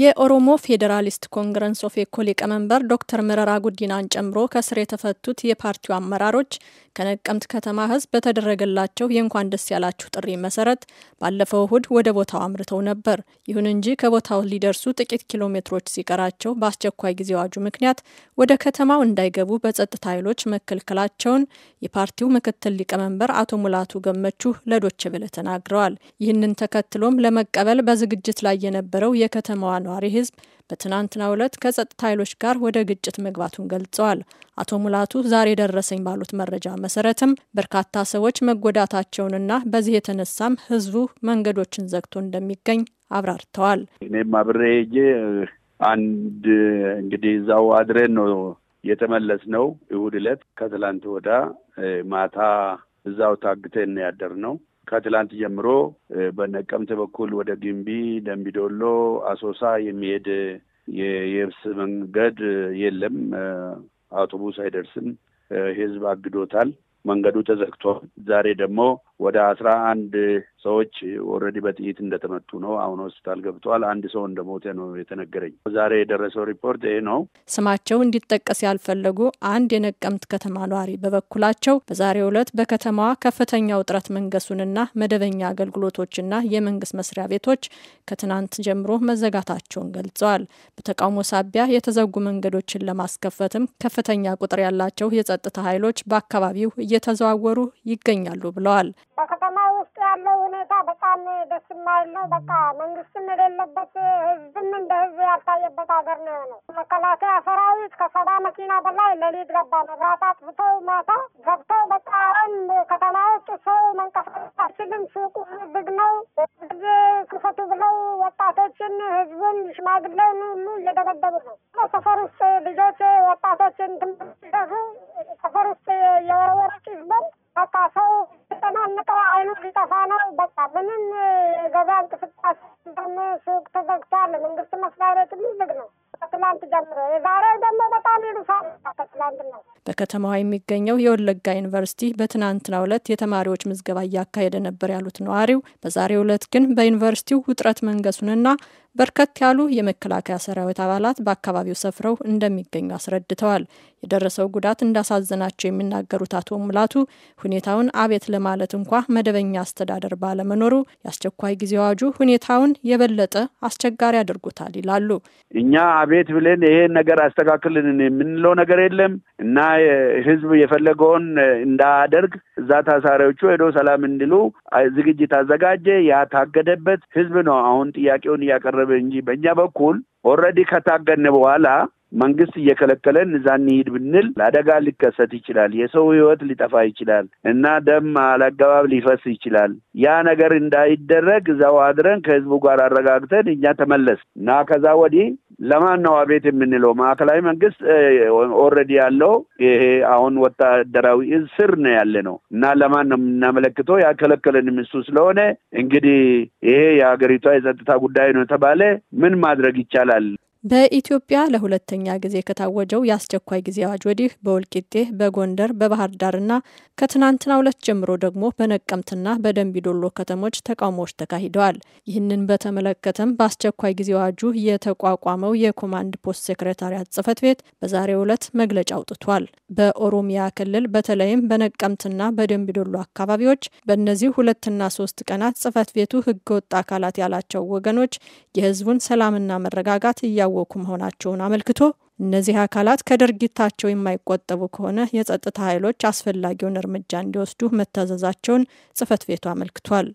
የኦሮሞ ፌዴራሊስት ኮንግረስ ኦፌኮ ሊቀመንበር ዶክተር መረራ ጉዲናን ጨምሮ ከስር የተፈቱት የፓርቲው አመራሮች ከነቀምት ከተማ ሕዝብ በተደረገላቸው የእንኳን ደስ ያላችሁ ጥሪ መሰረት ባለፈው እሁድ ወደ ቦታው አምርተው ነበር። ይሁን እንጂ ከቦታው ሊደርሱ ጥቂት ኪሎ ሜትሮች ሲቀራቸው በአስቸኳይ ጊዜ አዋጁ ምክንያት ወደ ከተማው እንዳይገቡ በጸጥታ ኃይሎች መከልከላቸውን የፓርቲው ምክትል ሊቀመንበር አቶ ሙላቱ ገመቹ ለዶች ብለ ተናግረዋል። ይህንን ተከትሎም ለመቀበል በዝግጅት ላይ የነበረው የከተማዋ ነዋሪ ህዝብ በትናንትናው ዕለት ከጸጥታ ኃይሎች ጋር ወደ ግጭት መግባቱን ገልጸዋል። አቶ ሙላቱ ዛሬ ደረሰኝ ባሉት መረጃ መሰረትም በርካታ ሰዎች መጎዳታቸውንና በዚህ የተነሳም ህዝቡ መንገዶችን ዘግቶ እንደሚገኝ አብራርተዋል። እኔም አብሬ አንድ እንግዲህ እዛው አድሬን ነው የተመለስ ነው። እሁድ ዕለት ከትላንት ወዳ ማታ እዛው ታግተን ነው ከትላንት ጀምሮ በነቀምት በኩል ወደ ግንቢ፣ ደምቢዶሎ፣ አሶሳ የሚሄድ የየብስ መንገድ የለም። አውቶቡስ አይደርስም። ህዝብ አግዶታል። መንገዱ ተዘግቷል። ዛሬ ደግሞ ወደ አስራ አንድ ሰዎች ኦልሬዲ በጥይት እንደተመቱ ነው። አሁን ሆስፒታል ገብተዋል። አንድ ሰው እንደሞተ ነው የተነገረኝ። ዛሬ የደረሰው ሪፖርት ይሄ ነው። ስማቸው እንዲጠቀስ ያልፈለጉ አንድ የነቀምት ከተማ ነዋሪ በበኩላቸው በዛሬው ዕለት በከተማዋ ከፍተኛ ውጥረት መንገሱንና መደበኛ አገልግሎቶችና የመንግስት መስሪያ ቤቶች ከትናንት ጀምሮ መዘጋታቸውን ገልጸዋል። በተቃውሞ ሳቢያ የተዘጉ መንገዶችን ለማስከፈትም ከፍተኛ ቁጥር ያላቸው የጸጥታ ኃይሎች በአካባቢው እየተዘዋወሩ ይገኛሉ ብለዋል። በከተማ ውስጥ ያለው ሁኔታ በጣም ደስ የማይል ነው። በቃ መንግስትም የሌለበት ህዝብም እንደ ህዝብ ያልታየበት ሀገር ነው የሆነው። መከላከያ ሰራዊት ከሰባ መኪና በላይ ሌሊት ገባ። መብራት አጥፍተው ማታ ገብተው በጣም ከተማ ውስጥ ሰው መንቀሳቀስ አይችልም። ሱቁ ዝግ ነው። ክፈቱ ብለው ወጣቶችን፣ ህዝቡን፣ ሽማግሌውን ሁሉ እየደበደቡ ነው። ሰፈር ውስጥ ልጆች ወጣቶችን ትምህርት ሲደሱ ሰፈር ውስጥ የወረወረ ጭስ በቃ ሰው ምንም ገዛ እንቅስቃሴ ሱቅ ተዘግቷል። መንግስት መስሪያ ቤት ዝግ ነው ከትላንት ጀምሮ። የዛሬው ደግሞ በጣም ይሉሳል ከትላንት ነው። በከተማዋ የሚገኘው የወለጋ ዩኒቨርሲቲ በትናንትናው ዕለት የተማሪዎች ምዝገባ እያካሄደ ነበር ያሉት ነዋሪው፣ በዛሬው ዕለት ግን በዩኒቨርሲቲው ውጥረት መንገሱንና በርከት ያሉ የመከላከያ ሰራዊት አባላት በአካባቢው ሰፍረው እንደሚገኙ አስረድተዋል። የደረሰው ጉዳት እንዳሳዘናቸው የሚናገሩት አቶ ሙላቱ ሁኔታውን አቤት ለማለት እንኳ መደበኛ አስተዳደር ባለመኖሩ የአስቸኳይ ጊዜ አዋጁ ሁኔታውን የበለጠ አስቸጋሪ አድርጎታል ይላሉ። እኛ አቤት ብለን ይሄን ነገር አስተካክልን የምንለው ነገር የለም እና ህዝብ የፈለገውን እንዳያደርግ እዛ ታሳሪዎቹ ሄዶ ሰላም እንዲሉ ዝግጅት አዘጋጀ። ያታገደበት ህዝብ ነው አሁን ጥያቄውን እያቀረበ እንጂ በእኛ በኩል ኦረዲ ከታገድን በኋላ መንግስት እየከለከለን እዛ እንሂድ ብንል ለአደጋ ሊከሰት ይችላል። የሰው ህይወት ሊጠፋ ይችላል እና ደም አላገባብ ሊፈስ ይችላል። ያ ነገር እንዳይደረግ እዛው አድረን ከህዝቡ ጋር አረጋግተን እኛ ተመለስ እና ከዛ ወዲህ ለማን ነው አቤት የምንለው? ማዕከላዊ መንግስት ኦልሬዲ ያለው ይሄ አሁን ወታደራዊ እዝ ስር ነው ያለ ነው እና ለማን ነው የምናመለክተው? ያከለከለን እሱ ስለሆነ እንግዲህ ይሄ የሀገሪቷ የጸጥታ ጉዳይ ነው የተባለ ምን ማድረግ ይቻላል? በኢትዮጵያ ለሁለተኛ ጊዜ ከታወጀው የአስቸኳይ ጊዜ አዋጅ ወዲህ በወልቂጤ፣ በጎንደር፣ በባህር ዳርና ከትናንትና ሁለት ጀምሮ ደግሞ በነቀምትና በደንቢ ዶሎ ከተሞች ተቃውሞዎች ተካሂደዋል። ይህንን በተመለከተም በአስቸኳይ ጊዜ አዋጁ የተቋቋመው የኮማንድ ፖስት ሴክሬታሪያት ጽህፈት ቤት በዛሬው ዕለት መግለጫ አውጥቷል። በኦሮሚያ ክልል በተለይም በነቀምትና በደንቢ ዶሎ አካባቢዎች በእነዚህ ሁለትና ሶስት ቀናት ጽህፈት ቤቱ ህገወጥ አካላት ያላቸው ወገኖች የህዝቡን ሰላምና መረጋጋት እያ ያላወቁ መሆናቸውን አመልክቶ እነዚህ አካላት ከድርጊታቸው የማይቆጠቡ ከሆነ የጸጥታ ኃይሎች አስፈላጊውን እርምጃ እንዲወስዱ መታዘዛቸውን ጽህፈት ቤቱ አመልክቷል።